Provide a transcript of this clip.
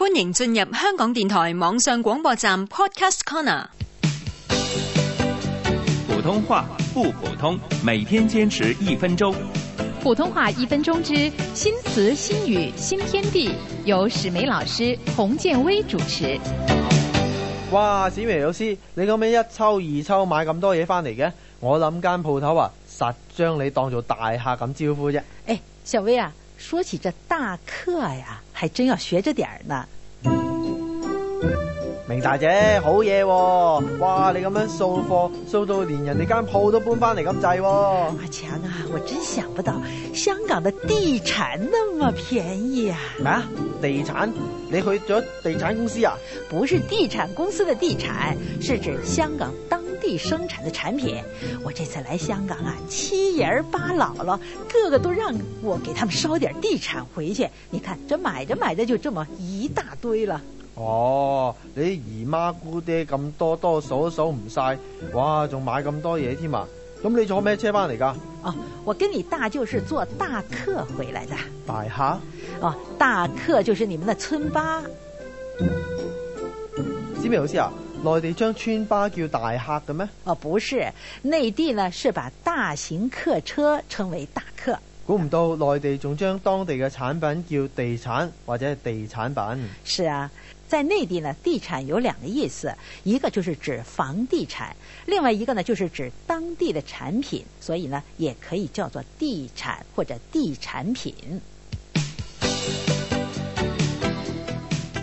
歡迎進入香港電台網上廣播站 Podcast Corner。普通話，不普通，每天堅持一分鐘。普通話一分鐘之新詞新語新天地，由史梅老師洪建威主持。哇，史梅老師，你咁樣一抽二抽買咁多嘢翻嚟嘅，我諗間鋪頭啊，實將你當做大客咁招呼啫。誒、哎，小威啊。說起這大客呀，還真要學着點兒呢。明大姐，好嘢喎！哇，你咁樣掃貨，掃到連人哋間鋪都搬翻嚟咁滯！阿、啊、強啊，我真想不到香港的地產那麼便宜啊！咩啊？地產？你去咗地產公司啊？不是地產公司的地產，是指香港當。地生產的產品，我這次來香港啊，七爺八姥姥個個都讓我給他們捎點地產回去。你看，這買着買着就這麼一大堆了。哦，你姨媽姑爹咁多多數都數唔晒，哇，仲買咁多嘢添啊！咁你坐咩車返嚟㗎？哦，我跟你大舅是坐大客回來的。大客？哦，大客就是你們的村巴。什麼遊戲啊？內地將村巴叫大客嘅咩？哦，不是，內地呢是把大型客車稱為大客。估唔到內地仲將當地嘅產品叫地產或者是地產品。是啊，在內地呢，地產有兩個意思，一個就是指房地產，另外一個呢就是指當地的產品，所以呢也可以叫做地產或者地產品。